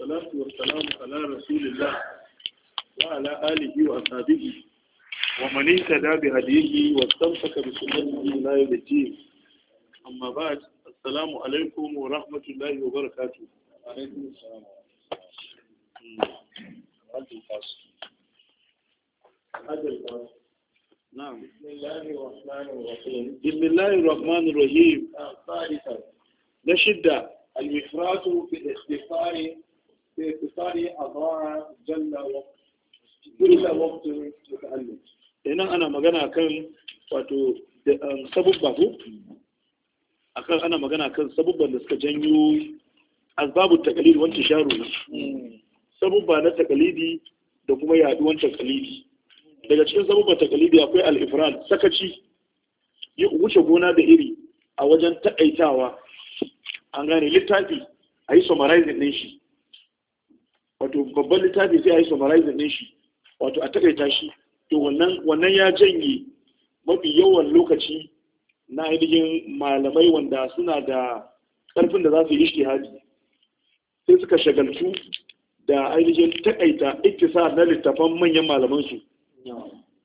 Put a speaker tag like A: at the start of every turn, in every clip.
A: والصلاة والسلام على رسول الله وعلى آله وأصحابه ومن اهتدى بهديه واستمسك بسنته لا يوم أما بعد السلام عليكم ورحمة الله وبركاته وعليكم السلام هذا نعم بسم الله الرحمن الرحيم بسم الله الرحمن الرحيم ثالثا نشد الإفراط في الاختصار باقتصار أضاع جل وقت جل وقت متألم هنا أنا مجانا كان واتو سبب بابو akan ana magana kan sabubban da suka janyo azbabu takalidi wancan sharu ne sabubba na takalidi da kuma yaduwan takalidi daga cikin sabubban takalidi akwai al sakaci yi wuce gona da iri a wajen taƙaitawa an gane littafi a yi summarizing ɗin shi wato babban littafi sai a yi summarizing shi wato a takaita shi to wannan ya janye mafi yawan lokaci na ainihin malamai wanda suna da karfin da za su yi ishtihadi sai suka shagaltu da ainihin takaita iktisa na littafan manyan malaman su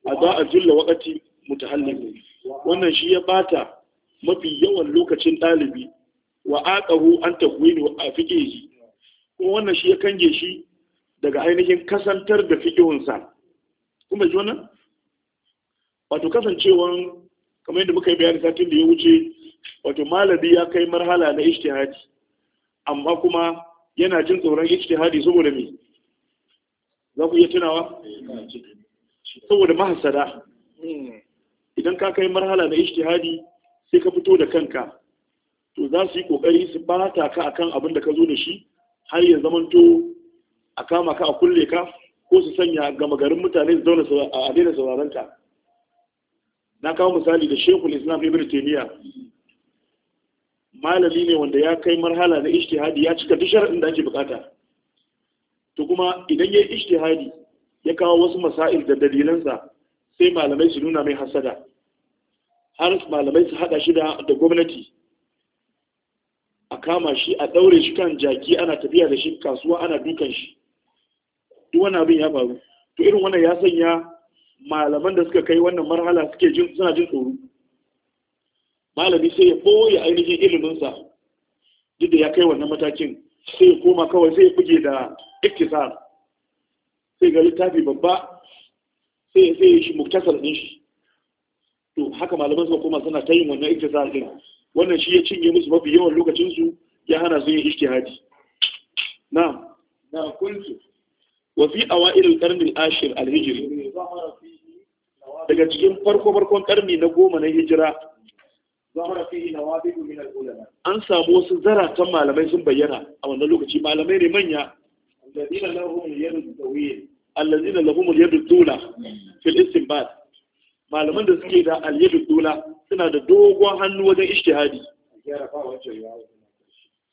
A: a za a julla wakati mutahallin wannan shi ya bata mafi yawan lokacin ɗalibi wa aqahu an takwini wa afiqihi ko wannan shi ya kange shi daga ainihin kasantar da fiƙihunsa kuma ji wannan wato kasancewan kamar yadda muka yi bayani satin da ya wuce wato malami ya kai marhala na ishtihadi amma kuma yana jin tsoron ishtihadi saboda me za ku iya tunawa saboda mahasada idan ka kai marhala na ishtihadi sai ka fito da kanka to za su yi kokari su bata ka akan abin da ka zo da shi har ya zamanto a kama ka a kulle ka ko su sanya gama garin mutane su zauna a adina sauraron ka na kawo misali da shekul islam ibn taymiya malami ne wanda ya kai marhala na ijtihadi ya cika duk sharadin da ake bukata to kuma idan ya yi ijtihadi ya kawo wasu masail da dalilansa sai malamai su nuna mai hasada har malamai su hada shi da gwamnati a kama shi a ɗaure shi kan jaki ana tafiya da shi kasuwa ana dukan shi duk wannan abin ya faru to irin wannan ya sanya malaman da suka kai wannan marhala suke jin suna jin tsoro malami sai ya boye ainihin iliminsa duk da ya kai wannan matakin sai ya koma kawai sai ya buge da iktisar sai ga littafi babba sai ya shi muktasar din shi to haka malaman suka koma suna ta yin wannan iktisar din wannan shi ya cinye musu mafi yawan lokacinsu ya hana su yin ishtihadi na na kuntu وفي أوائل القرن العاشر الهجري daga cikin farko-farkon karni na goma na hijira an samu wasu zaratan malamai sun bayyana a wannan lokaci malamai ne manya allazina lahumul yadu dula fil istinbat malaman da suke da al dola, suna da dogon hannu wajen ishtihadi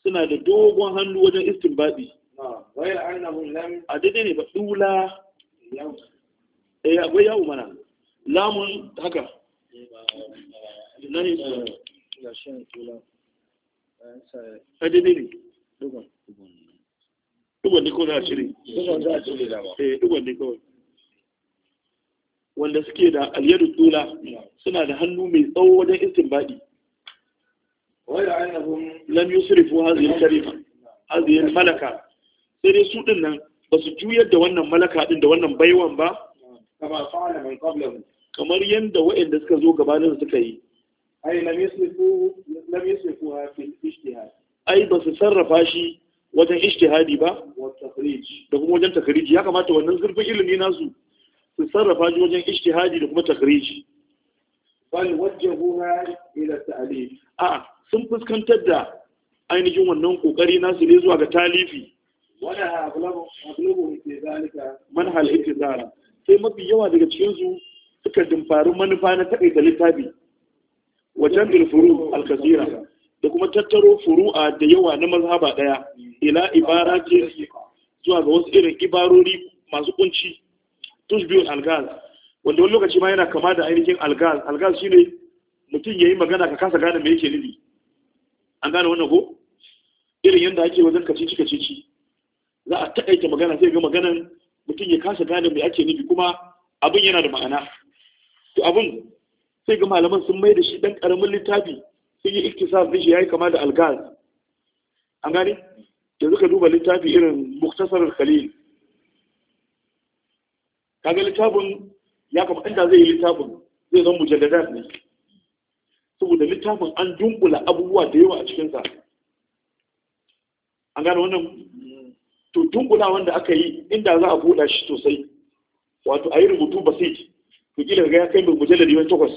A: suna da dogon hannu wajen istinbadi غير أنه لم أددني بأولى يوم إيه أقول يوم أنا لام هكا ناني أددني Dugon ne ko za a cire? Dugon za a cire da ba. Eh, dugon ne kawai. Wanda suke da aliyar tula suna da hannu mai tsawo wajen istinbadi. Wai da ainihin lam yusrifu hazihi sharifa. هذه الملكة sai dai su din nan ba su juyar da wannan malaka din da wannan baiwan ba kamar yadda waɗanda suka zo gabanin suka yi ai ba su sarrafa shi wajen ishtihadi ba da kuma wajen takariji ya kamata wannan zurfin ilimi nasu su sarrafa shi wajen ishtihadi da kuma takariji bal wajjahuha ila ta'lif a sun fuskantar da ainihin wannan kokari nasu ne zuwa ga talifi wala aglabu ke fi zalika manhal intizara sai mafi yawa daga cikin su suka dimfari manufa na takaita littafi wajen bilfuru alkasira da kuma tattaro furu'a da yawa na mazhaba ɗaya, ila ibara ce zuwa ga wasu irin ibarori masu kunci tushbiyun algaz wanda wani lokaci ma yana kama da ainihin algaz algaz shine mutum ya yi magana ka kasa gane me yake nufi an gane wannan ko irin yadda ake wajen kacici kacici za a taƙaita magana zai ga maganan mutum ya kasa gane mai ake nufi kuma abin yana da ma'ana to abin sai ga malaman sun mai da shi ɗan ƙaramin littafi sun yi iktisar da shi yi kama da algaz an gane da suka duba littafi irin muktasar khalil kaga littafin ya kama inda zai yi littafin zai zan mujalladat ne saboda littafin an dunkula abubuwa da yawa a cikinsa an gane wannan to dunkula wanda aka yi inda za a buɗa shi sosai wato a yi rubutu basit ku gina ga ya kai mai mujalladi wani takwas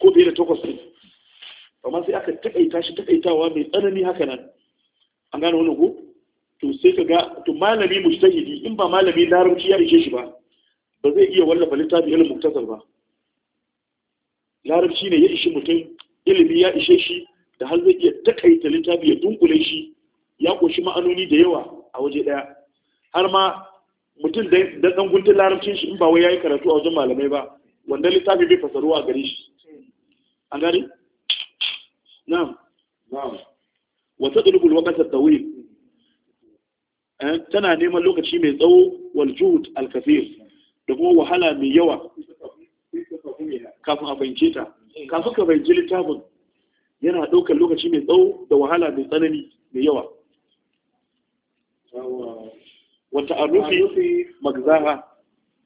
A: ko fiye da takwas ne amma sai aka taƙaita shi taƙaitawa mai tsanani haka nan an gane wani ko to sai ka ga to malami mujtahidi in ba malami larabci ya ishe shi ba ba zai iya wallafa littafi ilmin muktasar ba larabci ne ya ishi mutum ilimi ya ishe shi da har zai iya takaita littafi ya dunkule shi ya ƙunshi ma'anoni da yawa a waje ɗaya har ma mutum da ɗan guntun larabcin shi in ba wai ya yi karatu a wajen malamai ba wanda littafi bai fasaru a gare shi an gani? na'am na'am wata ɗulgul wakasar tawil eh, tana neman lokaci mai tsawo wal juhud al da kuma wahala mai yawa kafin a fahimce ta kafin ka fahimci littafin yana ɗaukar lokaci mai tsawo da wahala mai tsanani mai yawa wata arufi magzaha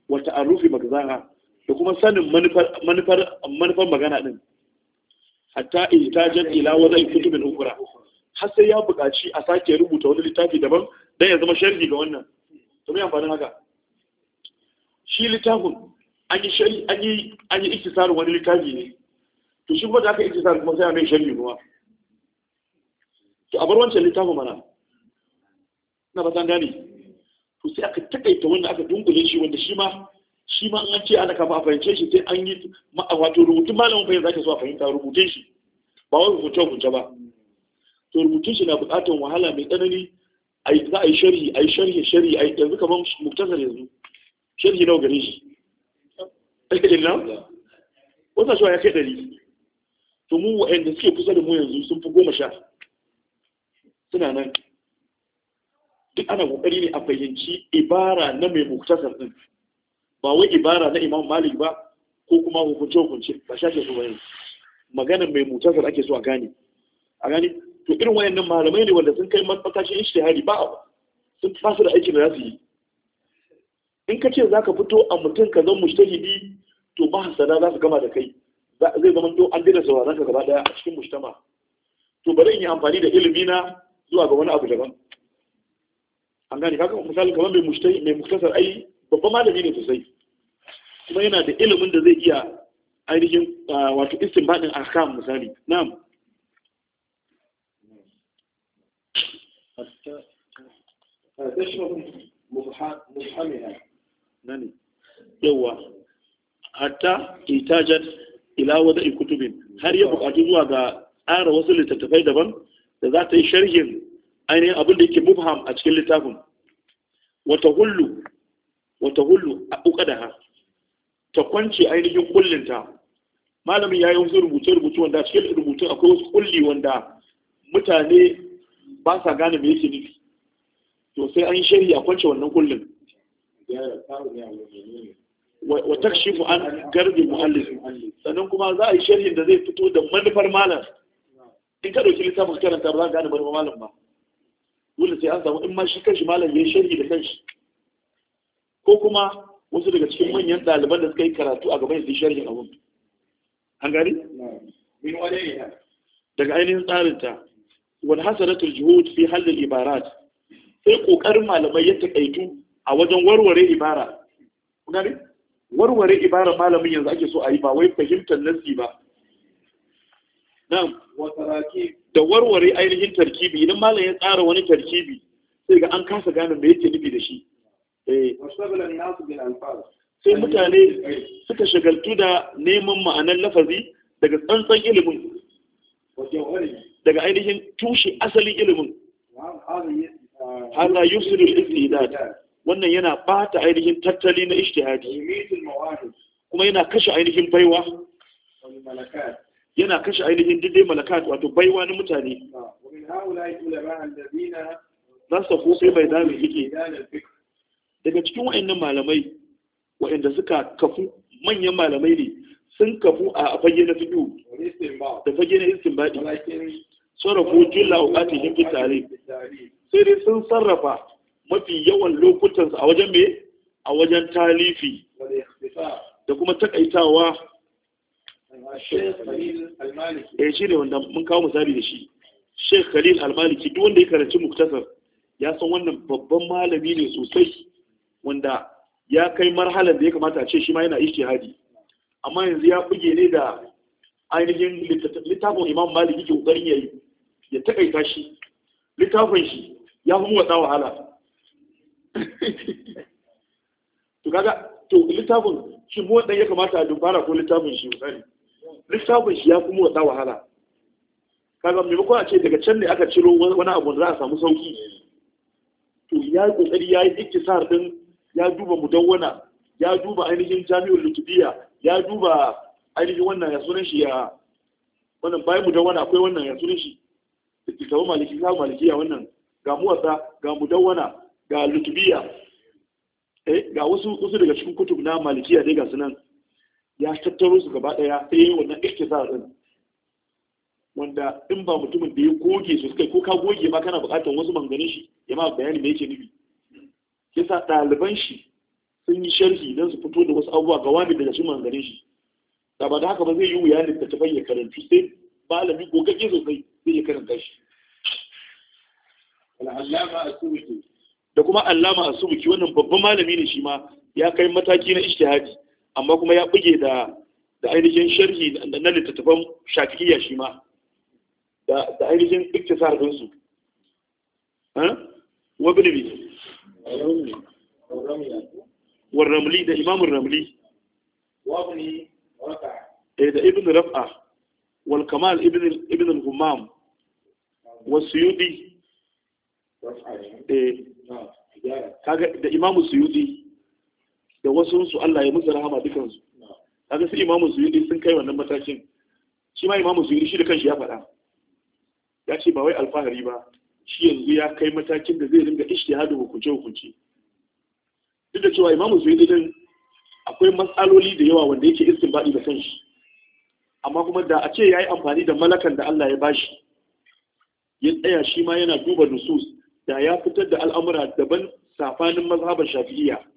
A: wata arufi magzaha da kuma sanin manufar magana din hatta ihtajan ila wazai kutubin ukra har sai ya buƙaci a sake rubuta wani littafi daban dan ya zama sharhi ga wannan to me amfanin haka shi littafin an yi shari an yi an yi ikisar wani littafi ne to shi kuma da aka ikisar kuma sai a mai sharhi kuma to a bar wancan littafin mana na ba san gani to sai aka takaita wanda aka dungule shi wanda shi ma shi ma an ce ana kafa a fahimce shi sai an yi wato rubutun malamin fahimta zaka so a fahimta rubutun shi ba wai hukunce-hukunce ba to rubutun shi na buƙatar wahala mai tsanani za a yi sharhi a yi sharhi sharhi a yanzu kamar muktasar yanzu sharhi nawa gare shi ɗarkaɗin eh, na. wata shi ya kai dari to mu wa'anda suke kusa da mu yanzu sun fi goma sha suna nan duk ana kokari ne a fahimci ibara na mai muktasar din ba wai ibara na imam malik ba ko kuma hukunce hukunce ba shafe su bayan. magana mai muktasar ake so a gane a gane to irin wayannan malamai ne wanda sun kai matakashin ishtihari ba sun fasa da aikin da za su yi in ka ce zaka fito a mutum ka zan mujtahidi to ba sana za su gama da kai zai zama to an dina sauraron ka gaba daya a cikin mujtama to bari in yi amfani da ilimi na zuwa ga wani abu daban an gane kaga misali kamar mai mushtai mai muktasar ai babban malami ne sosai kuma yana da ilimin da zai iya ainihin wato istinbadin ahkam misali na'am nani yawa hatta itajat ila wada kutubin. har ya buƙaci zuwa ga tsara wasu littattafai daban da za ta yi sharhin ainihin abin da yake mubham a cikin littafin wata hullu a hullu da ha, ta kwanci ainihin kullinta malamin ya yi wasu rubuce-rubuce wanda cikin rubutun akwai wasu kulli wanda mutane ba sa gane mai yake nufi to sai an yi sharhi a kwance wannan kullin wa takshifu an garbi muhallin sannan kuma za a yi sharhin da zai fito da manufar malam in ka dauki littafin karanta ba za a gane manufar malam ba wanda sai an samu in ma shi shi malam ya sharhi da kanshi ko kuma wasu daga cikin manyan ɗaliban da suka yi karatu a gaban su sharhin abun an gari daga ainihin tsarinta wani hasaratul juhud fi halin ibarat sai ƙoƙarin malamai ya taƙaitu a wajen warware ibara gari? warware ibara malamin yanzu ake so a yi ba wai fahimtar nasi ba nan wasaraki da warware ainihin tarkibi idan malam ya tsara wani tarkibi sai ga an kasa gane me yake nufi da shi eh. sai mutane suka shagaltu da neman ma'anar lafazi daga tsantsan ilimin daga ainihin tushe asalin ilimin hada yusuf al-istidad wannan yana bata ainihin tattali na ijtihadi kuma yana kashe ainihin baiwa yana kashe ainihin dide malakat wato baiwa na mutane za su sai mai dami yake daga cikin wa'annan malamai wa'anda suka kafu manyan malamai ne sun kafu a fage na fiƙo da fage na baɗi sarrafa wajen uƙati yin fitare sai dai sun sarrafa mafi yawan lokutansu a wajen me a wajen talifi da kuma takaitawa eh shi ne wanda mun kawo misali da shi Sheikh Khalil Al-Maliki duk wanda ya karanci muktasar ya san wannan babban malami ne sosai wanda ya kai marhalar da ya kamata a ce shi ma yana ijtihadi amma yanzu ya buge ne da ainihin littafin Imam Maliki ke kokarin yayi ya takaita shi littafin shi ya fi wata wahala to kaga to littafin shi mu wanda ya kamata a dubara ko littafin shi misali littafin shi ya fi wata wahala kaga maimakon a ce daga can ne aka ciro wani abu za a samu sauki to ya yi kokari ya yi ikisar din ya duba mudawwana ya duba ainihin jami'ar lutubiya ya duba ainihin wannan ya sunan shi ya wannan bayan mudawwana akwai wannan ya sunan shi littafin maliki maliki malikiya wannan ga muwasa ga mudawwana ga lutubiya eh ga wasu wasu daga cikin kutub na malikiya dai ga sunan ya tattaro su gaba ɗaya sai yi wannan ikhtisa din wanda in ba mutumin da ya goge su suka ko ka goge ma kana buƙatar wasu manganin shi ya ma bayani me yake nufi sa ɗaliban shi sun yi sharhi don su fito da wasu abubuwa ga wani daga shi manganin shi da ba da haka ba zai yi wuya da tafai ya karanta sai malami gogagge sosai zai ya karanta shi da kuma allama asubuki wannan babban malami ne shi ma ya kai mataki na ishtihadi amma kuma ya buge da da ainihin sharhi da na littattafan shafi'iyya shi ma da da ainihin iktisar din su eh wa bilibi wa ramli da imamun ramli wa eh, da ibn raf'a wal kamal ibn ibn al-humam wasuyudi eh, kaga da imamu suyudi da wasu su Allah ya musu rahama dukan su kaga sai imamu zuyuri sun kai wannan matakin shi ma imamu zuyuri shi da kanshi ya faɗa ya ce ba wai alfahari ba shi yanzu ya kai matakin da zai ringa ishtihadu hukunce hukunce duk da cewa imamu zuyuri din akwai matsaloli da yawa wanda yake istinbadi da kanshi amma kuma da a ce yayi amfani da malakan da Allah ya bashi ya tsaya shi ma yana duba nusus da ya fitar da al'amura daban safanin mazhabar shafi'iyya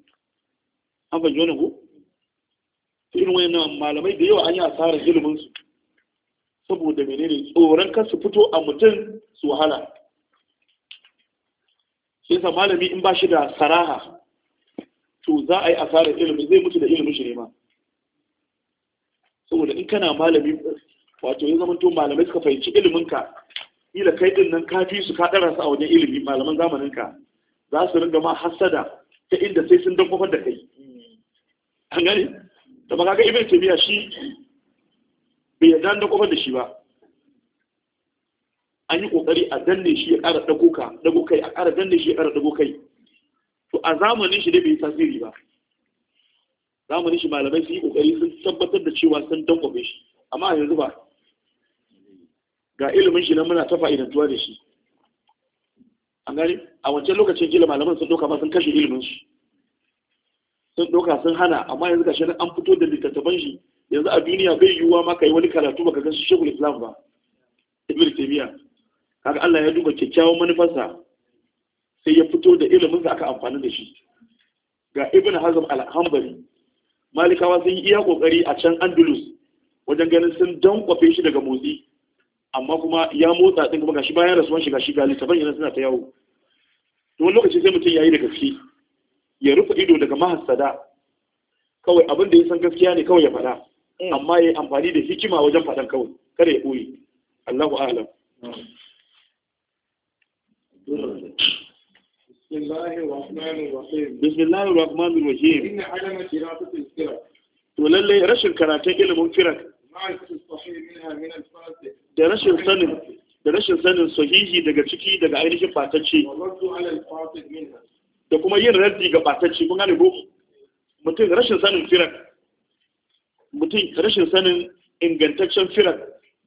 A: an fahimci wannan ko irin wayannan malamai da yawa an yi asarar ilminsu, su saboda menene tsoron kar su fito a mutum su wahala sai sa malami in ba shi da saraha to za a yi asarar ilimin zai mutu da ilimin shi ne ma saboda in kana malami wato ya zama to malamai suka fahimci iliminka ila kai din nan ka fi su ka dara su a wajen ilimi malaman zamaninka za su ringa ma hasada ta inda sai sun dan kofar da kai an gani da ba kaga ibn tabiya shi bai yarda da kofar da shi ba an yi kokari a danne shi ya ƙara dago ka dago kai a ƙara danne shi ya ƙara dago kai to a zamanin shi da bai tasiri ba zamanin shi malamai sun yi kokari sun tabbatar da cewa sun dankwabe shi amma a yanzu ba ga ilimin shi nan muna ta fa'idantuwa da shi an gani a wancan lokacin kila malaman sun doka ba sun kashe ilimin shi sun ɗauka sun hana amma yanzu gashi an fito da littattafan shi yanzu a duniya bai yiwuwa ma ka yi wani karatu baka gan shi shekul islam ba ibn taymiya kaga Allah ya duba kyakkyawan manufarsa sai ya fito da ilimin sa aka amfani da shi ga ibn hazm al-hanbali malikawa sun yi iya kokari a can andalus wajen ganin sun dankwafe shi daga motsi amma kuma ya motsa din kuma gashi bayan rasuwan shi gashi ga littafan yana suna ta yawo to wani lokaci sai mutum yayi da gaske ya rufe ido daga mahasada, kawai abin da ya san gaskiya ne kawai ya faɗa mm. amma ya yi amfani da hikima wajen faɗan kawai kada ya ɓoye Allahu a'lam mm. Bismillahi Rahmanir Rahim Inna alama qira'atul firak to lalle rashin karatun ilimin firak da rashin sanin da rashin sanin sahihi daga ciki daga ainihin fatacce da kuma yin raddi ga batacci kun gane ko mutum rashin sanin firak mutum rashin sanin ingantaccen firak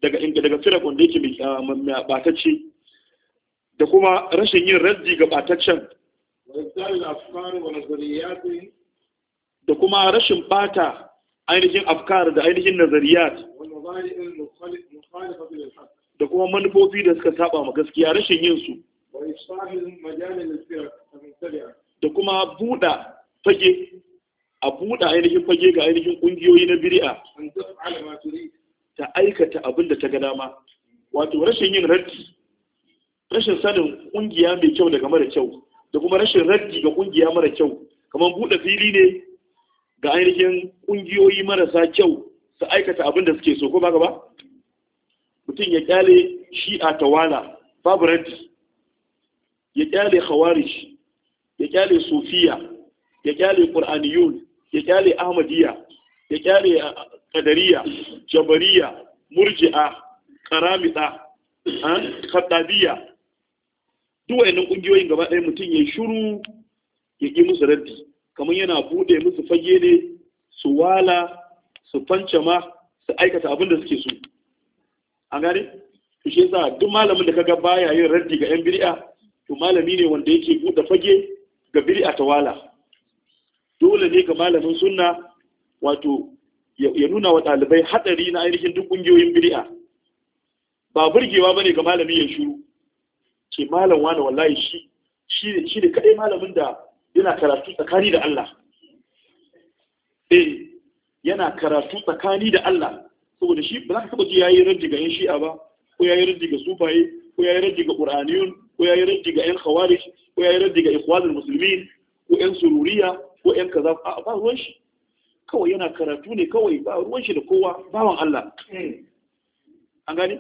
A: daga daga firak wanda yake mai batacci ah, da kuma rashin yin raddi ga batacciyar da kuma rashin bata ainihin afkar da ainihin nazariyat da kuma manufofi da suka saba ma gaskiya rashin yin su da kuma buɗa fage a buɗa ainihin fage ga ainihin ƙungiyoyi na biri'a ta aikata abin da ta ga dama wato rashin yin raddi rashin sanin ƙungiya mai kyau daga mara kyau da kuma rashin raddi ga ƙungiya mara kyau kamar buɗe fili ne ga ainihin ƙungiyoyi marasa kyau su aikata abin da suke so ko ba ba mutum ya kyale a tawala babu raddi ya kyale khawarij ya kyale sufiya ya kyale qur'aniyun ya kyale ahmadiyya ya kyale ah, qadariya jabariya murji'a karamida khatabiyya duk wayannan kungiyoyin gaba ɗaya mutum ya shiru ya ƙi musu raddi kamar yana buɗe musu fage ne su wala su fancama su aikata abin da suke so an gane to shi yasa duk malamin da kaga baya yin raddi ga yan bid'a to malami ne wanda yake buɗe fage ga a tawala dole ne ga malamin sunna wato ya nuna wa ɗalibai hatsari na ainihin duk ƙungiyoyin bid'a ba burgewa bane ga malami ya shiru Ke malam wani wallahi shi shi ne kaɗai malamin da yana karatu tsakani da Allah eh yana karatu tsakani da Allah saboda shi ba za ka taɓa ji yayi raddi ga yin shi'a ba ko yayi raddi ga sufaye ko yayi raddi ga qur'aniyun ko ya yi raddi ga yan khawarij ko ya yi raddi ga ikhwanul muslimin ko yan sururiya ko yan kaza a ba ruwan shi kawai yana karatu ne kawai ba ruwan shi da kowa bawan Allah an gani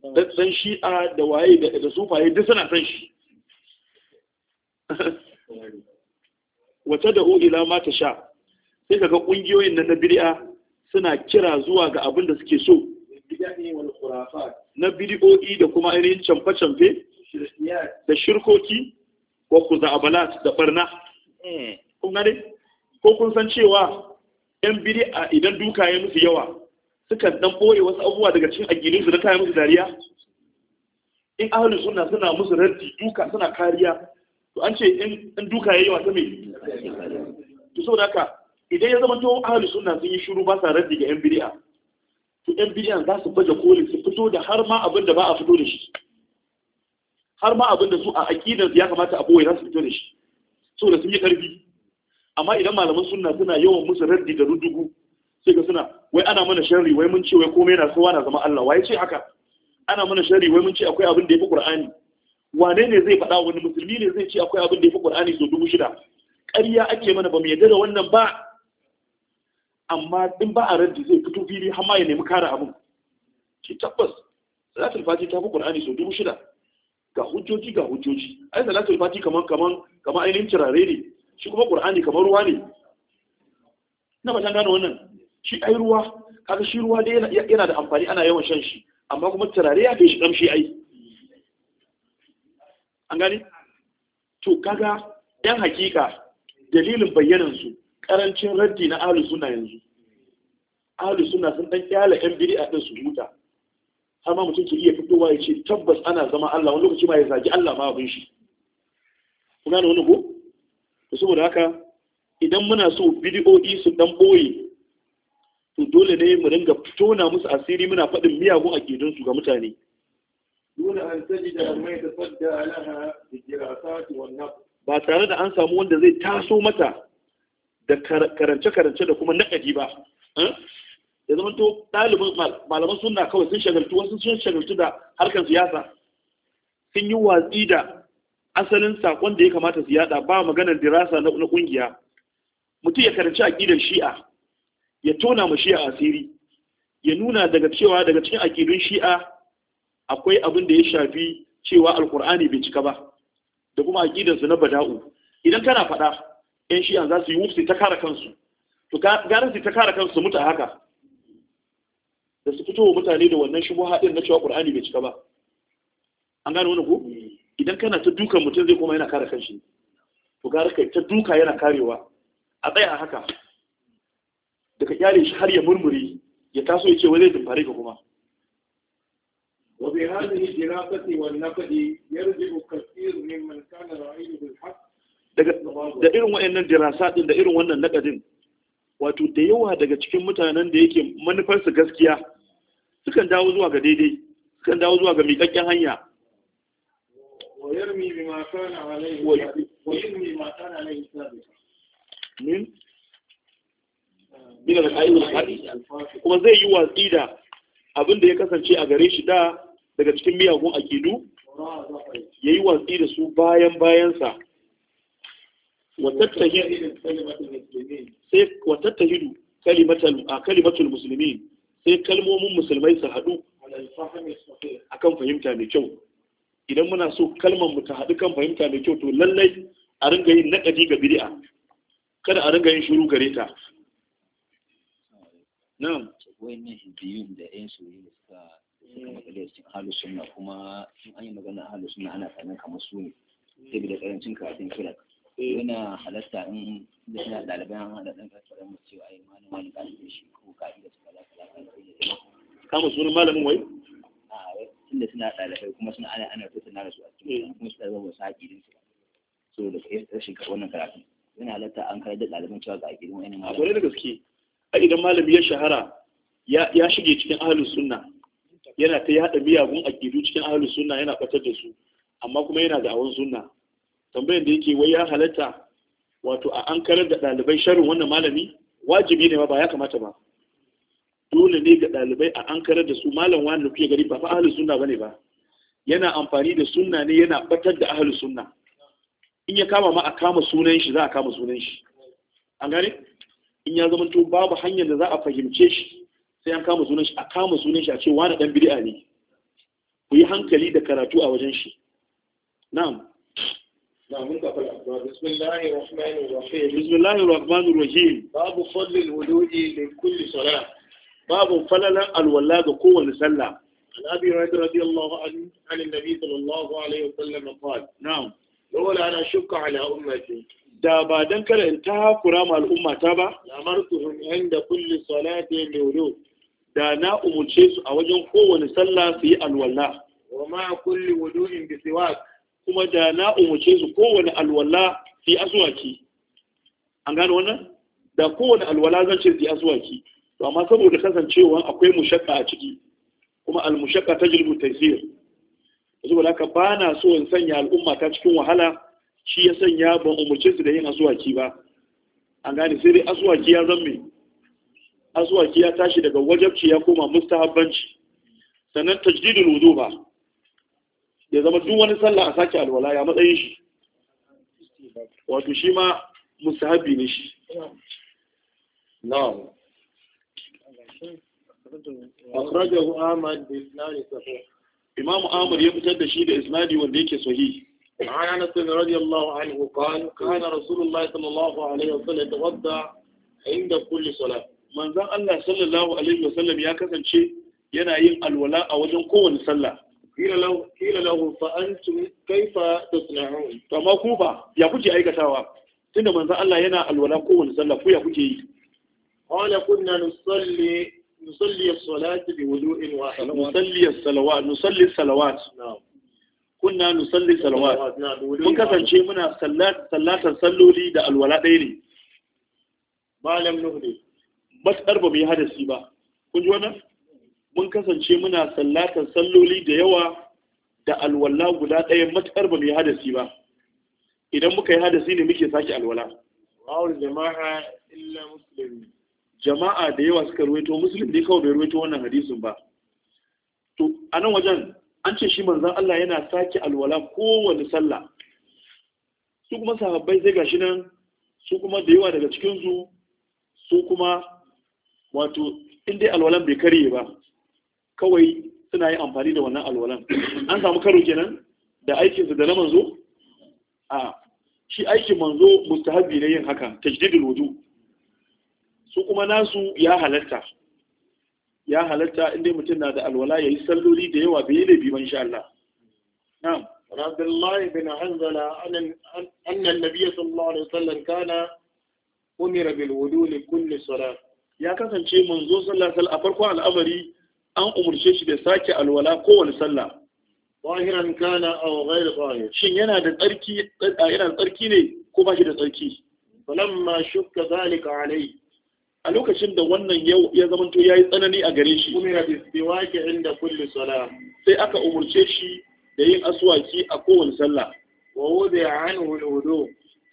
A: shi shi'a da waye da sufaye duk suna san shi wata da ila ma ta sha sai kaga kungiyoyin nan na bid'a suna kira zuwa ga abin da suke so na bid'o'i da kuma ainihin camfe-camfe da shirkoki wa kuza'abalat da barna eh. kun gane ko kun san cewa yan bid'a idan duka ya musu yawa sukan dan boye wasu abubuwa daga cikin agilin su da kayan musu dariya in ahli sunna suna musu raddi duka suna kariya to an ce in duka yayi yawa ta me to saboda haka idan ya zama to ahli sunna sun yi shiru ba sa raddi ga yan bid'a to yan bid'a za su baje kolin su fito da har ma abin da ba a fito da shi har ma abin da su a aƙidar ya kamata a boye za su fito da shi da sun yi ƙarfi amma idan malaman sunna suna yawan musu raddi da rudugu sai ga suna wai ana mana sharri wai mun ce wai komai na kowa na zama Allah wai ce haka ana mana sharri wai mun ce akwai abin da yafi Qur'ani wane ne zai faɗa wani musulmi ne zai ce akwai abin da yafi Qur'ani so dubu shida ƙarya ake mana ba mu yarda da wannan ba amma in ba a raddi zai fito fili har ma ya nemi kare abin ki tabbas salatul fati ta fi Qur'ani so dubu shida ga hujjoji ga hujjoji ai salatul fati kaman kaman kaman ainihin turare ne shi kuma qur'ani kaman ruwa ne na ba gano wannan shi ai ruwa kaga shi ruwa dai yana da amfani ana yawan shan shi amma kuma turare ya fi shi kamshi ai an gani to kaga yan hakika dalilin bayyanan su karancin raddi na ahlus sunna yanzu ahlus sunna sun dan kyala yan bid'a din su huta har ma mutum ke iya fitowa ya ce tabbas ana zama Allah wani lokaci ma ya zagi Allah ma abin shi ku gane wani ko to saboda haka idan muna so bidiyoyi su dan boye to dole ne mu ringa tona musu asiri muna faɗin miyagu gidan su ga mutane dole an saji da mai da alaha da jirasati wannan ba tare da an samu wanda zai taso mata da karance-karance da kuma naƙadi ba eh? ya zama to ɗalibin malaman suna kawai sun shagaltu wasu sun shagaltu da harkar siyasa sun yi watsi da asalin sakon da ya kamata su yada ba maganar dirasa na kungiya mutum ya karanci aƙidar shi'a ya tona ma shi'a asiri ya nuna daga cewa daga cikin aƙidun shi'a akwai abin da ya shafi cewa alkur'ani bai cika ba da kuma aƙidansu na bada'u idan kana faɗa 'yan shi'a za su yi wufsi ta kara kansu to su ta kara kansu mutu haka da su fito wa mutane da wannan shi haɗin na cewa ƙur'ani bai cika ba an gane wani ko idan kana ta duka mutum zai koma yana kare kanshi to gara kai ta duka yana karewa a tsaya haka daga kyale shi har ya murmuri, ya taso ya ce wai zai dumfare ka kuma وبهذه الدراسة والنقد يرجع كثير ممن كان رأيه بالحق da irin wa'annan dirasa din da irin wannan nakadin wato da yawa daga cikin mutanen da yake manufarsa gaskiya sukan dawo zuwa ga daidai sukan dawo zuwa ga miƙaƙƙen hanya kuma zai yi watsi da abin da ya kasance a gare shi da daga cikin miyagun akidu ya yi watsi da su bayan bayansa watattahidu kalimatul musulmi sai kalmomin musulmai su haɗu kan fahimta mai kyau idan muna so kalmar mu ta haɗu kan fahimta mai kyau to lallai a ringa yin naƙadi ga bid'a kada a ringa yin shiru gare ta na'am wayannan hindiyun da yan soyayya suka suka mm. makale cikin halin sunna kuma in an yi magana halin sunna ana tsanin kamar su ne saboda karancin karatun firak eh. yana halatta in da suna ɗaliban haɗa ɗan ƙasar mu cewa ai yi wani ɗalibin shi kama sunan malamin wai tunda suna ɗalibai kuma suna ana ana tattauna da su a cikin eh. kuma su ɗalibai ba su haƙi din su so da rashin karɓar wannan karatu yana halatta an karar da ɗaliban cewa ga aƙidin wani malami. Kwarai da gaske a idan malami ya shahara ya shige cikin ahalin sunna yana ta yaɗa miyagun aƙidu cikin ahalin sunna yana ɓatar da su amma kuma yana da awon sunna tambayar da yake wai ya halatta wato a an karar da ɗalibai sharrin wannan malami wajibi ne ba ya kamata ba. dole ne ga ɗalibai a ankarar da su malam wani nufi gari ba fa ahalus sunna bane ba yana amfani da sunna ne yana batar da ahalus sunna in ya kama ma a kama sunan shi za a kama sunan shi an gane in ya zama to babu hanyar da za a fahimce shi sai an kama sunan shi a kama sunan shi a ce wani dan bid'a ne ku yi hankali da karatu a wajen shi na'am بسم الله الرحمن الرحيم بسم الله الرحمن الرحيم باب فضل الوضوء لكل صلاه babu falalan alwala ga kowane sallah an abi radiyallahu anhu an annabi sallallahu alaihi wasallam qala na'am lawala ana shukka ala ummati da ba dan kada in takura ma al'umma ta ba amartuhum inda kulli salatin bi da na umurce su a wajen kowane sallah su yi alwala wa ma kulli wudu'in bi siwak kuma da na umurce su kowane alwala su yi aswaki an gano wannan da kowane alwala zan ce su yi aswaki to amma saboda kasancewa akwai mushakka a ciki kuma al-mushakka tajlibu taysir saboda haka ba na so in sanya al'umma ta cikin wahala shi ya sanya ban umurce su da yin asuwaki ba an gane sai dai asuwaki ya me asuwaki ya tashi daga wajabci ya koma mustahabbanci sannan tajdidul wudu ba ya zama duk wani sallah a sake alwala ya matsayin shi wato shi ma mustahabbi ne shi na'am imam Amad ya fitar da shi da isnadi wanda yake sahih عن انس رضي الله عنه قال كان رسول الله صلى الله عليه وسلم يتوضا عند كل صلاه من ذا الله صلى الله عليه وسلم يا كسانشي yana yin alwala a wajen kowane sallah kila lahu kaifa tasna'un to amma ku ya kuke aikatawa tunda manzo Allah yana alwala kowane sallah ku ya kuke yi قال كنا نصلي نصلي الصلاة mun kasance muna sallatar salloli da alwala ɗaya ne malam nuhu ne matsar ba mai hadasi ba kun ji mun kasance muna sallatar salloli da yawa da alwala guda ɗaya matsar ba mai hadasi ba idan muka yi hadasi ne muke sake alwala rawar jama'a illa musulmi jama'a da yawa suka ruwaito muslim ne kawai bai ruwaito wannan hadisin ba to a nan wajen an ce shi manzan Allah yana sake alwala kowane sallah su kuma sahabbai sai gashi nan su kuma da yawa daga cikinsu su kuma wato inda alwalan bai karye ba kawai suna yi amfani da wannan alwalan an samu karo kenan da aikinsu da na manzo a shi aikin manzo mustahabi na yin haka tajdidul wudu su kuma nasu ya halatta ya halatta inda mutum na da alwala ya yi salloli da yawa bai laifi man sha Allah na'am radallahi bin hanzala annan nabiyyi sallallahu alaihi wasallam kana umira bil wudu li kulli salat ya kasance mun zo sallar wasallam a farkon al'amari an umurce shi da sake alwala kowace sallah zahiran kana a ghayr zahir shin yana da tsarki ne ko ba shi da tsarki falamma shukka zalika alaihi a lokacin da wannan ya zamanto ya yi tsanani a gare shi sai aka umarce shi da yin aswaki a kowane sallah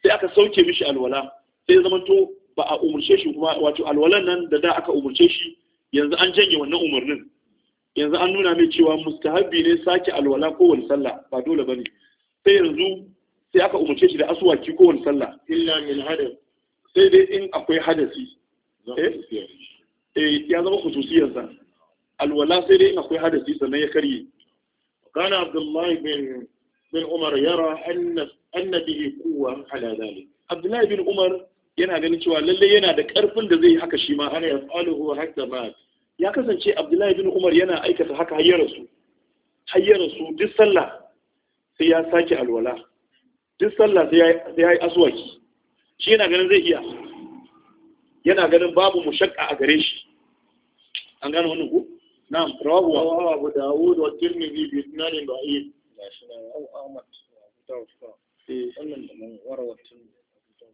A: sai aka sauke mishi alwala sai zamanto ba a umarce shi kuma wato alwalan nan da da aka umarce shi yanzu an janye wannan umarnin yanzu an nuna mai cewa mustahabbi ne sake alwala kowane sallah ba dole bane sai yanzu sai aka umarce shi da aswaki kowane sallah illa min hadath sai dai in akwai hadasi Eh? eh ya zama khususiyarsa alwala sai dai akwai hadasi sannan ya karye kana abdullahi bin bin umar yara anna anna bihi quwwa ala zalik abdullahi bin umar yana ganin cewa lalle yana da karfin da zai haka shi ma ana yafaluhu hatta ma ya kasance abdullahi bin umar yana aikata haka har ya rasu har ya rasu duk sallah sai ya sake alwala duk sallah sai ya yi aswaki shi yana ganin zai iya yana ganin babu mushakka a gare shi an gano wannan ku na'am rawu wa abu dawud wa tirmidhi bi isnadin da'if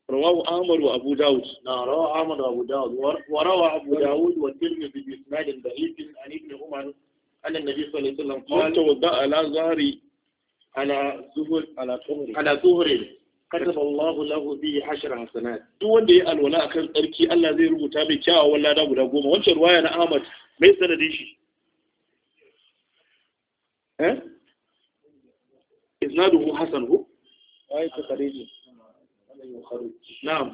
A: رواه أحمد وأبو داود نعم رواه أحمد وأبو داود وروى أبو داود والترمذي بإسناد ضعيف عن ابن عمر أن النبي صلى الله عليه وسلم قال توضأ على ظهري على ظهر على ظهر kataba Allahu lahu bi hashra hasanat duk wanda ya alwala akan tsarki Allah zai rubuta mai kyawawan lada guda goma wancan ruwaya na Ahmad mai sanadin shi eh isnaduhu hasan hu ayi na'am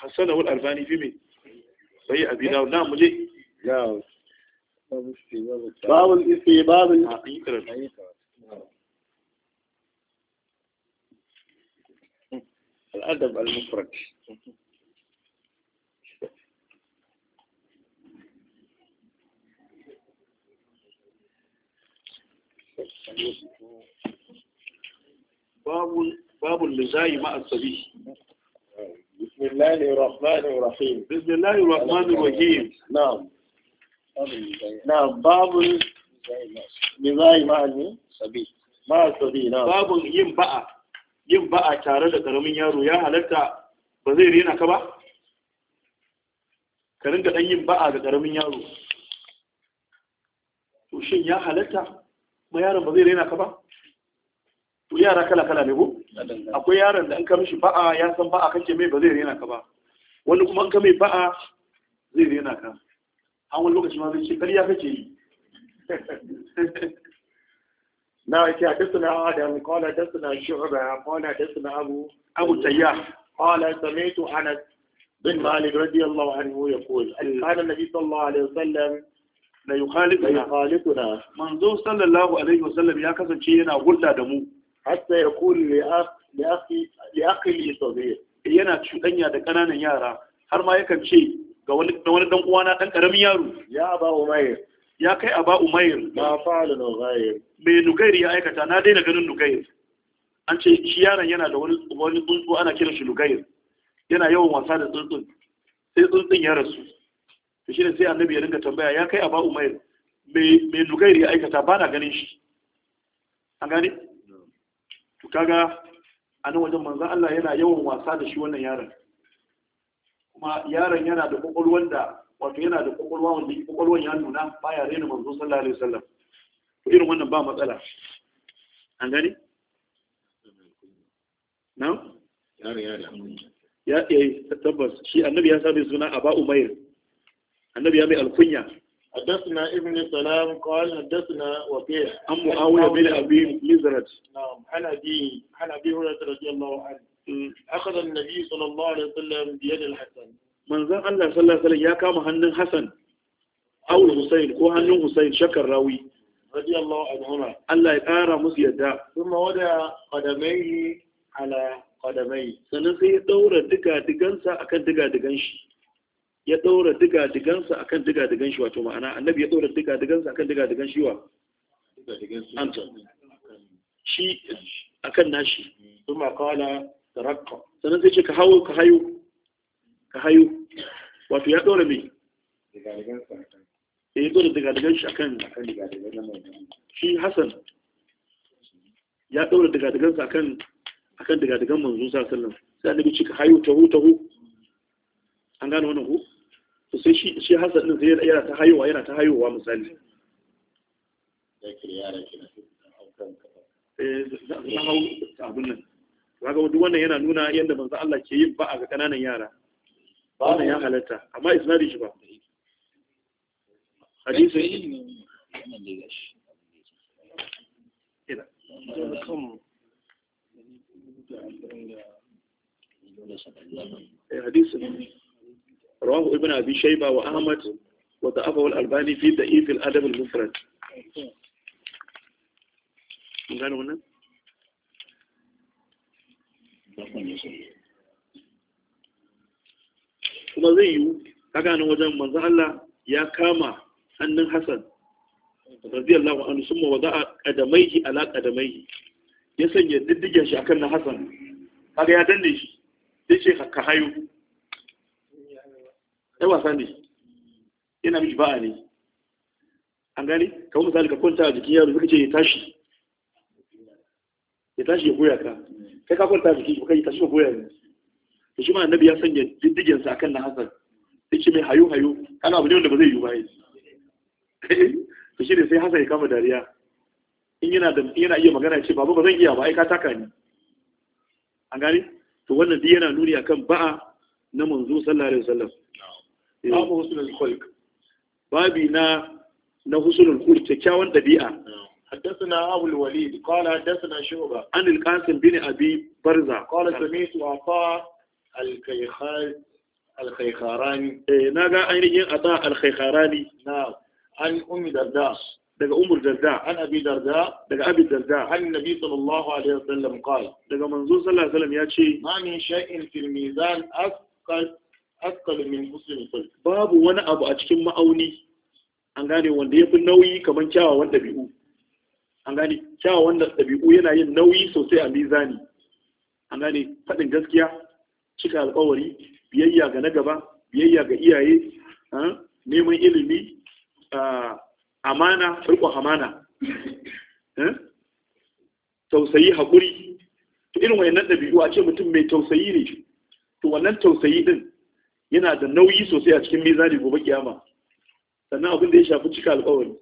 A: hasan albani fi sai abi na'am ya babu babu الأدب المفرد باب باب اللزاي مع الصبي بسم الله الرحمن الرحيم بسم الله الرحمن الرحيم نعم نعم باب اللزاي مع الصبي مع الصبي نعم باب بقى yin ba'a tare da karamin yaro ya halatta ba zai rena ka ba ka da dan yin ba'a ga karamin yaro to shin ya halatta ma yaron ba zai rena ka ba to yara kala kala ne ko akwai yaron da an ka mishi ba'a ya san ba a kake mai ba zai rena ka ba wani kuma an ka ba a zai rena ka an wani lokaci ma zai ce ƙarya kake yi na ce hadisuna adam qala hadisuna shu'ba qala hadisuna abu abu tayyah qala sami'tu anas bin malik radiyallahu anhu yaqul kana nabi sallallahu alaihi wasallam la yukhalituna manzo sallallahu alaihi wasallam ya kasance yana hulɗa da mu hatta yaqul li akhi li akhi sabir yana cuɗanya da ƙananan yara har ma yakan ce ga wani dan na dan ƙaramin yaro ya ba umayr ya kai aba umair ma fa'ala me nugair ya aikata na daina ganin nugair an ce shi yaron yana da wani tsuntsu ana kiran shi nugair yana yawan wasa da tsuntsun sai tsuntsun ya rasu shi ne sai annabi ya ringa tambaya ya kai a umair me me nugair ya aikata ba na ganin shi an gane to kaga a nan wajen manzan Allah yana yawan wasa da shi wannan yaron kuma yaron yana da kwakwalwar da wato yana da kwakwalwa wanda kwakwalwan ya nuna baya rena manzo sallallahu alaihi wasallam irin wannan ba matsala an gani na ya yi tabbas shi annabi ya sami suna aba umair annabi ya mai alkunya حدثنا ابن سلام قال حدثنا وكيع عن معاويه بن ابي مزرج نعم عن ابي عن ابي هريره رضي الله عنه اخذ النبي صلى الله عليه وسلم بيد الحسن manzan Allah sallallahu alaihi wasallam ya kama hannun Hassan aw Hussein ko hannun Hussein shakar rawi radiyallahu anhuma Allah ya kara musu yadda kuma wada qadamaihi ala qadamai sannan sai ya daura diga digansa akan diga digan shi ya daura diga digansa akan diga digan shi wato ma'ana annabi ya daura diga digansa akan diga digan shi wa anta shi akan nashi kuma kala tarakka sannan sai ce ka hawo ka hayo ka hayo wato ya ɗora mai eh, ya yi ɗora digadigan shi akan shi hassan ya ɗora digadigan sa akan akan digadigan manzo sa sallam sai annabi ci ka hayo taho taho an gano wannan ko sai shi shi hassan din sai yana ta hayowa yana ta hayowa misali abin nan kaga duk wannan yana nuna yadda manzo Allah ke yin ba a ga kananan yara ba ya halatta amma isnadi shi ba hadisi حديث رواه ابن أبي شيبة وأحمد وضعفه الألباني في ضعيف الأدب المفرد من هنا؟ kuma zai yiwu kaga nan wajen manzo Allah ya kama hannun Hassan radiyallahu anhu summa wada qadamaihi ala qadamaihi ya sanya diddigen shi akan na Hassan kaga ya danne shi sai ce ka hayo ai wasa ne yana miji ba'a ne an gani kawo misali ka kwanta a jikin yaro suka ce ya tashi ya tashi ya goya ka kai ka kwanta a jikin ka yi tashi ya goya ne to shi ma annabi ya sanya diddigen sa akan Hassan? hasan mai hayo hayo kana abu ne wanda ba zai yi ba to shi ne sai Hassan ya kama dariya in yana da yana iya magana ce babu ba zan iya ba ai ka taka ni an gani? to wannan duk yana nuni akan ba'a na manzo sallallahu alaihi wasallam babu husnul khulq babi na na husnul khulq kyakkyawan dabi'a حدثنا ابو الوليد قال حدثنا شعبه عن القاسم بن ابي برزه قال سمعت عطاء alkhaikharani eh, na ga ainihin ata alkhaikharani na an ummi darda daga umar darda an abi darda daga abi darda an nabi sallallahu alaihi wasallam qala daga manzo sallallahu alaihi wasallam ya ce ma min shay'in fil mizan asqal min husnul khulq babu wani abu a cikin ma'auni an gane wanda yafi nauyi kaman kyawawan dabi'u an gane kyawawan dabi'u yana yin nauyi sosai a mizani an gane faɗin gaskiya cika alkawari biyayya ga na gaba biyayya ga iyaye neman ilimi amana riko amana tausayi haƙuri to irin wayannan ɗabi'u a ce mutum mai tausayi ne to wannan tausayi ɗin yana da nauyi sosai a cikin mizani gobe kiyama sannan abin da ya shafi cika alkawari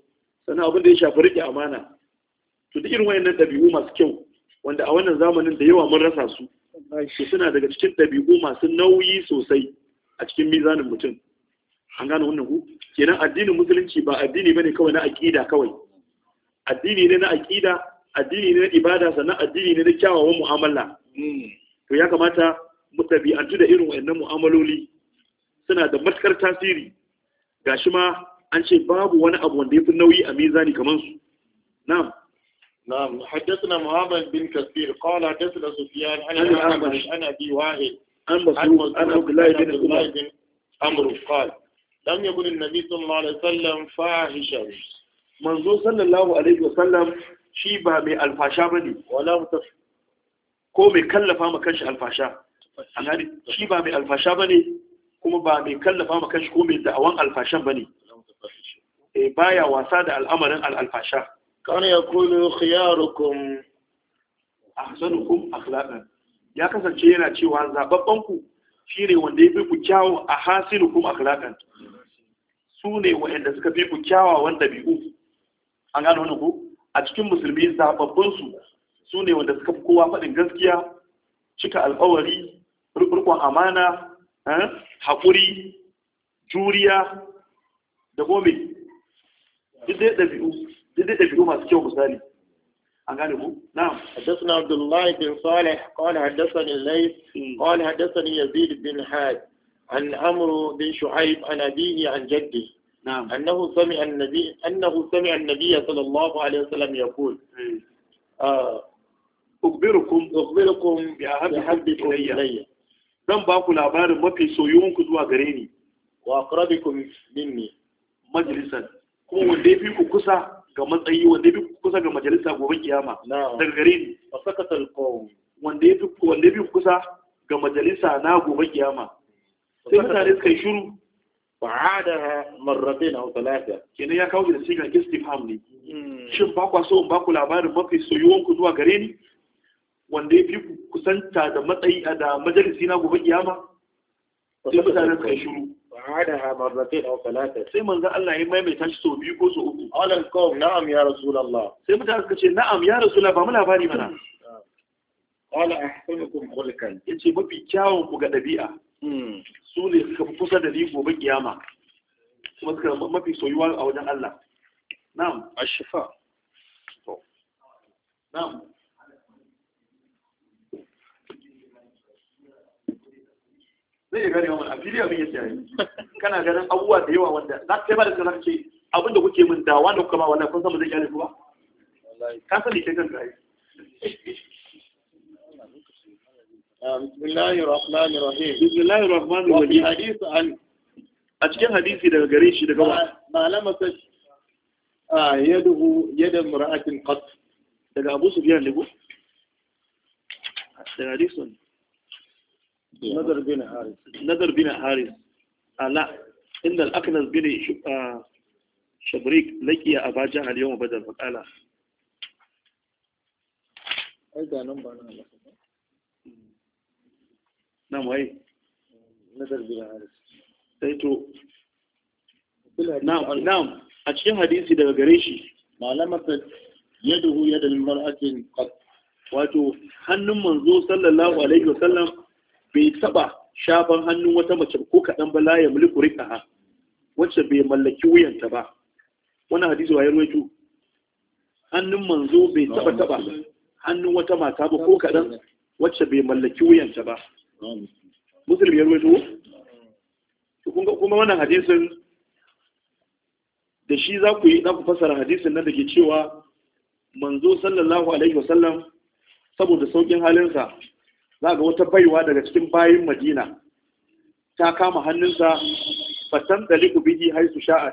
A: sannan abin da ya shafi riƙe amana to duk irin wayannan ɗabi'u masu kyau wanda a wannan zamanin da yawa mun rasa su shi suna daga cikin ɗabi'u masu nauyi sosai a cikin mizanin mutum an gane wannan ku kenan addinin musulunci ba addini bane kawai na aqida kawai addini ne na aqida addini ne na ibada sannan addini ne na kyawawan mu'amala hmm. to ya kamata mu da irin wa'annan mu'amaloli suna da matukar tasiri gashi ma an ce babu wani abu wanda yafi nauyi a mizani kamar su na'am نعم حدثنا محمد بن كثير قال حدثنا سفيان عن ابي وائل عن ابي وائل عن ابي وائل عمرو قال لم يكن النبي صلى الله عليه وسلم فاحشا منظور صلى الله عليه وسلم شيبه با الفاشا بني ولا متف كو كلفا ما كانش الفاشا شيبه شي الفاشا بني كومي با مي كلفا ما كانش كومي دعوان الفاشا بني اي بايا واسا ده الامر الفاشا kan ya kulu khiyarukum ahsanukum akhlaqan ya kasance yana cewa zababban ku shine wanda ya fi ku kyawu a akhlaqan su ne wa'anda suka fi ku wanda bi'u an gano wannan ku a cikin musulmi zababban su su ne wanda suka fi kowa faɗin gaskiya cika alƙawari rukun amana haƙuri juriya da gome duk dai ɗabi'u نعم حدثنا عبد الله بن صالح قال حدثني الليث قال حدثني يزيد بن حاد عن عمرو بن شعيب عن أبيه عن جده نعم أنه سمع النبي أنه سمع النبي صلى الله عليه وسلم يقول آه أخبركم أخبركم بأحبكم إلي zan ba ku labarin mafi soyuwanku zuwa gare ni wa aqrabikum minni majlisan wanda yafi ku kusa ga matsayi wanda ya fi kusa ga majalisa gobe kiyama daga gare ni a sakata wanda ya fi wanda kusa ga majalisa na gobe kiyama sai mutane suka yi shiru fa'adaha marratain aw thalatha kenan ya kawo da sigar istifham ne hmm. shin ba kwa so in ba ku labarin mafi soyuwan ku zuwa gare ni wanda ya fi kusanta da matsayi a da majalisi na gobe kiyama sai mutane suka yi shiru a'adaha marratayn aw thalatha sai manzo Allah ya maimaita shi sau biyu ko sau uku qala al-qawm na'am ya rasulullah sai mutane suka ce na'am ya rasulullah ba mu labari mana qala ahsanukum khulqan yace mafi kyawun ku ga dabi'a su ne suka kusa da ni gobe kiyama kuma suka mafi soyuwa a wajen Allah na'am zai iya gane a fili kana ganin abubuwa da yawa wanda za ka kai ba da sanar ce kuke min da wanda kuka ma wannan kun san ba zai gane ku ba ka sani kai kanka ai بسم الله الرحمن الرحيم بسم الله الرحمن الرحيم وفي حديث عن أتكلم حديثي ده قريش ده قبل ما لمست يده يد امرأة نظر بن حارس نظر بن حارس آه، لا ان الاكنس بن آه، شبريك لقي ابا جهل اليوم بدل فقال ايضا نمبر نعم هاي نذر بن حارس سيتو نعم نعم اشياء حديث ده غريشي معلم يده يد المرأة قد واتو هنم منزو صلى الله عليه وسلم bai taɓa shafan hannun wata mace ko kaɗan ba la ya mulku rikaha wacce bai mallaki wuyanta ba Wani hadisi wayar wato hannun manzo bai taɓa taɓa hannun wata mata ba ko kaɗan wacce bai mallaki wuyanta ba musulmi ya rawaito kuma wannan hadisin da shi za ku yi za ku fasara hadisin nan da ke cewa manzo sallallahu alaihi wasallam saboda saukin halinsa za ga wata baiwa daga cikin bayin madina ta kama hannunsa fatan da liku hai haisu sha'a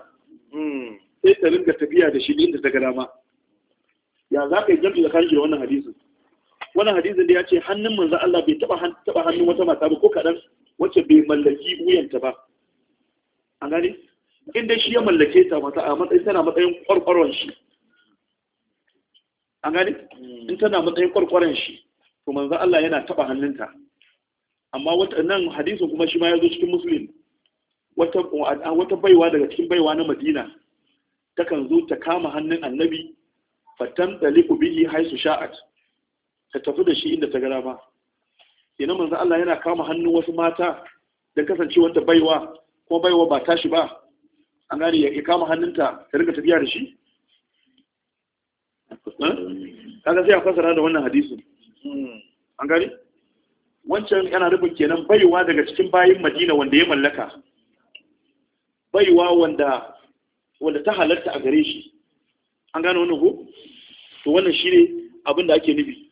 A: hmm. sai ta ringa tafiya da shi inda daga dama ya za ka yi jam'i da shi da wannan hadisin wannan hadisin da ya ce hannun manzan Allah bai taba hannun wata mata ba ko kadan wacce bai mallaki wuyanta ba A gani inda shi ya mallake ta mata a matsayin tana matsayin kwarkwaron shi a gani hmm. in tana matsayin kwarkwaron shi to manzo Allah yana taba hannunta amma nan hadisin kuma shi ma ya zo cikin muslim wata baiwa daga cikin baiwa na madina takan zo ta kama hannun annabi fatan ɗaliku bihi haisu sha'at ta tafi da shi inda ta gara ba Ina manzo Allah yana kama hannun wasu mata da kasancewar ta baiwa ko baiwa ba tashi ba an gane ya kama hannunta ta rika tafiya da shi kaga sai a fasara da wannan hadisin an gari wancan yana nufin kenan baiwa daga cikin bayin madina wanda ya mallaka baiwa wanda wanda ta halarta a gare shi an gano wannan ko to wannan shi abin da ake nufi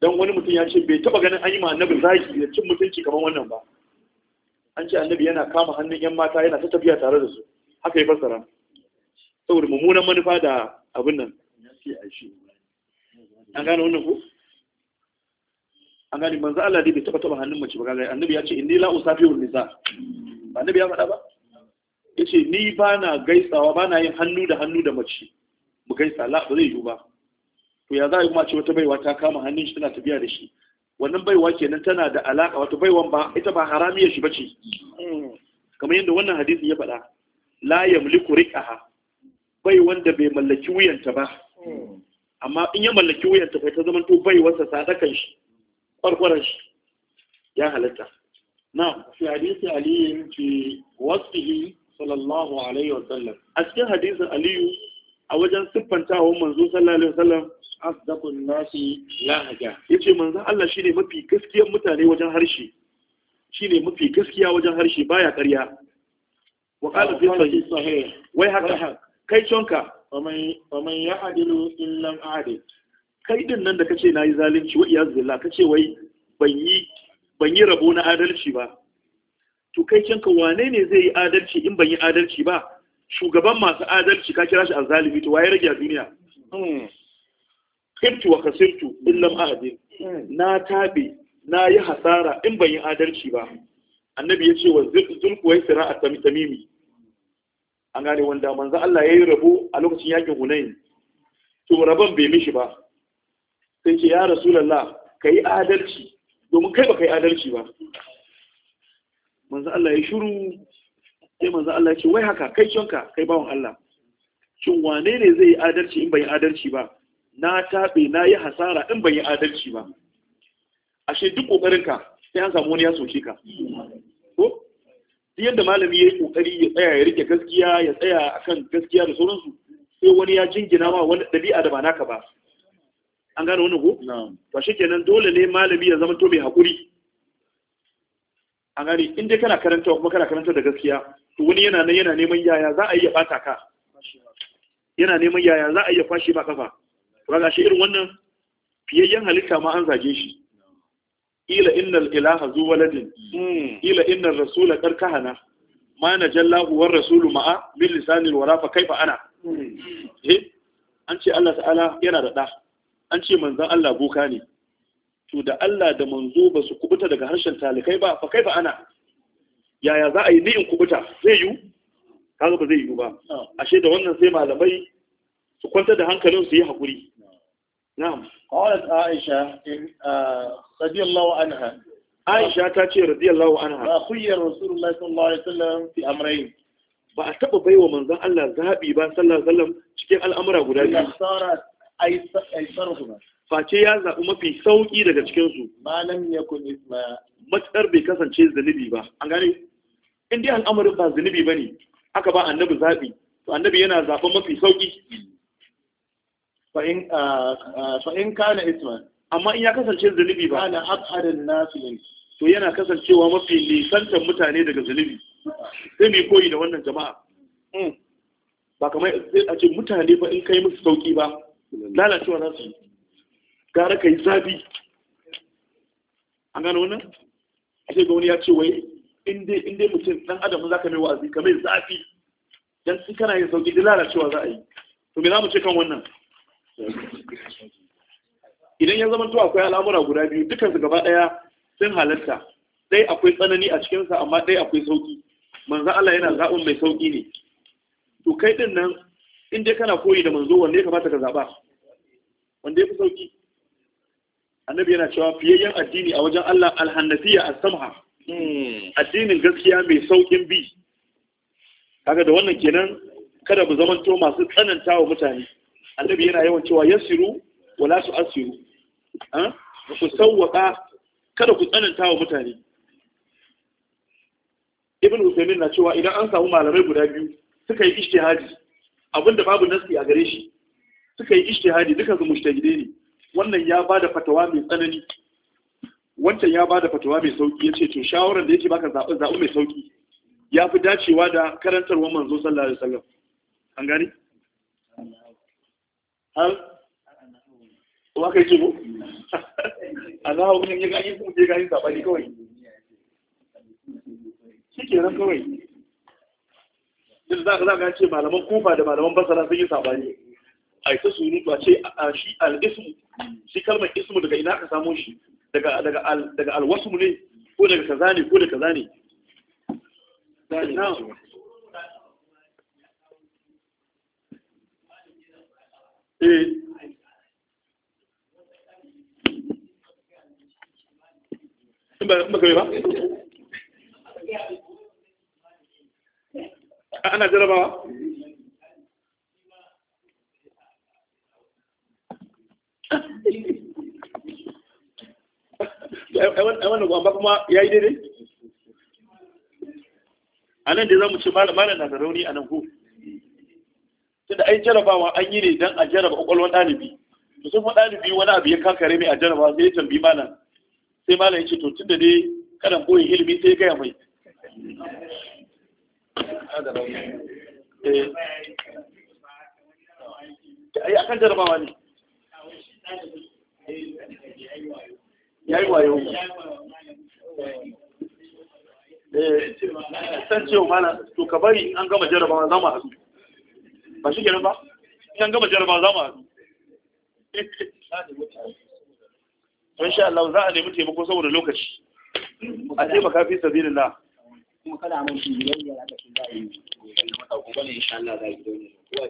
A: Don wani mutum ya ce bai taba ganin an yi ma annabi zaki da cin mutunci kamar wannan ba an ce annabi yana kama hannun yan mata yana ta tafiya tare da su haka ya fassara saboda mummunan manufa da abin nan an gano wannan ku? an gani manzo Allah dai bai taba taba hannun mace ba kaga annabi ya ce inni la usafiru nisa ba annabi ya faɗa ba yace ni ba na gaisawa ba na yin hannu da hannu da mace mu gaisa la ba zai yiwu ba to ya za a yi kuma ce wata baiwa ta kama hannun shi tana tafiya da shi wannan baiwa kenan tana da alaka wato baiwan ba ita ba haramiyar shi bace kamar yadda wannan hadisin ya faɗa la yamliku riqaha bai wanda bai mallaki wuyanta ba hmm. amma in ya mallaki wuyanta bai ta zama to bai wasa sadakan shi kwarkwaran shi ya halatta na fi hadisi aliyu fi wasfihi sallallahu alaihi wa sallam a cikin hadisin aliyu a wajen siffanta wa manzo sallallahu alaihi wa sallam asdaqun nasi lahaja yace manzo Allah shine mafi gaskiyar mutane wajen harshe shine mafi gaskiya wajen harshe baya ƙarya wa qala fi sahih wai haka kai chonka faman ya ya'dilu illam adil kai din nan da kace nayi zalunci wa iyaz billah kace wai ban yi ban yi rabo na adalci ba to kai kanka wane ne zai yi adalci in ban yi adalci ba shugaban masu adalci ka kira shi azalimi to waye rage a duniya hmm. khibtu wa kasirtu, in lam hmm. na tabe na yi hasara in ban yi adalci ba annabi ya ce wa zulkuwai sira a tamimi an gane wanda manzo Allah ya yi rabo a lokacin yakin hunain to rabon bai mishi ba sai ce ya rasulallah ka yi adalci domin kai ba ka yi adalci ba manzo Allah ya shiru sai manzo Allah ya ce wai haka kai kyonka kai bawon Allah shin wane ne zai yi adalci in bai yi adalci ba na taɓe na yi hasara in bai yi adalci ba ashe duk ƙoƙarinka sai an samu wani ya soke ka ko duk yadda malami ya yi ƙoƙari ya tsaya ya rike gaskiya ya tsaya akan gaskiya da sauransu sai wani ya jingina ma wani ɗabi'a da ba naka ba an gane wani ko to kenan dole ne malami ya zama to mai hakuri an gani in dai kana karanta kuma kana karanta da gaskiya to wani yana nan yana neman yaya za a yi ya bata ka yana neman yaya za a yi ya fashi ba kafa to ga shi irin wannan fiyayyen halitta ma an zage shi ila innal ilaha zu waladin hmm. ila innar rasula karkahana ma najallahu war rasulu ma'a bil lisanil wara fa kaifa ana hmm. eh an ce Allah ta'ala yana da da an ce manzan Allah boka ne to da Allah da manzo ba su kubuta daga harshen talikai ba fa kaifa ana yaya za a yi ni'in kubuta zai yi kaga ba zai yi ba ashe da wannan sai malamai su kwanta da hankalin su yi hakuri na'am qalat aisha in uh, radiyallahu anha aisha ta ce radiyallahu anha ba khuyya rasulullahi sallallahu alaihi wasallam fi amrayn ba a taba baiwa manzon Allah zabi ba sallallahu alaihi wasallam cikin al'amura guda biyu aisarhuma face ya zaɓi mafi sauƙi daga cikinsu malam ya kun isma matsar bai kasance zunubi ba an gane in dai al'amarin ba zunubi ba ne aka ba annabi zaɓi to annabi yana zaɓen mafi sauƙi fa'in kana isma amma in ya kasance zunubi ba ana abharin nasilin to yana kasancewa mafi nisantar mutane daga zunubi sai mai koyi da wannan jama'a mm. ba kamar a ce mutane ba in kai musu sauki ba lalacewa za su gara ka yi zafi an gano wannan ce ga wani ya ce wai in dai mutum dan adam za ka mai wa'azi ka mai zafi dan su kana yin sauki duk lalacewa za a yi to me za mu ce kan wannan idan ya zama to akwai al'amura guda biyu dukkan su gaba daya sun halatta dai akwai tsanani a cikin sa amma dai akwai sauki manzo Allah yana zaɓin mai sauki ne to kai din nan in dai kana koyi da manzo wanda ya kamata ka zaba wanda ya fi sauki annabi yana cewa fiyayyen addini a wajen Allah alhannafiya as-samha hmm. addinin gaskiya mai saukin bi kaga da wannan kenan kada mu zamanto masu tsananta wa mutane annabi yana yawan cewa yasiru wala tu'siru ah ku sauwaka kada ku tsananta wa mutane ibn Uthaymeen na cewa idan an samu malamai guda biyu suka yi ishtihadi abinda babu nasi a gare shi suka yi hadi duka su mujtahide ne wannan ya bada fatawa mai tsanani wancan ya bada fatawa mai sauki yace to shawaran da yake baka zabi zabi mai sauki yafi dacewa da karantarwar manzo sallallahu alaihi wasallam an gani hal wa kai ce mu Allah wannan ya ga yi mu je ga yi sabani kawai kawai yanzu za ka ce malaman kufa da malaman basara sun yi sabani a ita surutu a ce a shi al'ismu ismu shi kalmar ismu daga ina ka samo shi daga daga ne ko daga kaza ne ko da kaza ne eh. ba ba ba ana jarabawa ai wannan ba kuma ya yi daidai a nan da za mu ce malam na da rauni a nan ko da ai jarabawa an yi ne don a jaraba ƙwaƙwalwar ɗalibi to sai kuma ɗalibi wani abu ya kankare mai a jarabawa sai ya tambi malam sai malam ya ce to tunda dai karan boye ilimi sai ya gaya mai ai eh. eh, akan jarabawa ne ya yi wayo eh, san cewa mana to ka bari an gama jarabawa za mu haɗu ba shi kenan ba an gama jarabawa za mu haɗu don Allah za a nemi taimako saboda lokaci a taimaka fi sabilillah kuma kada mun shi biyayya da kake da yi gobe ne insha Allah za ki daure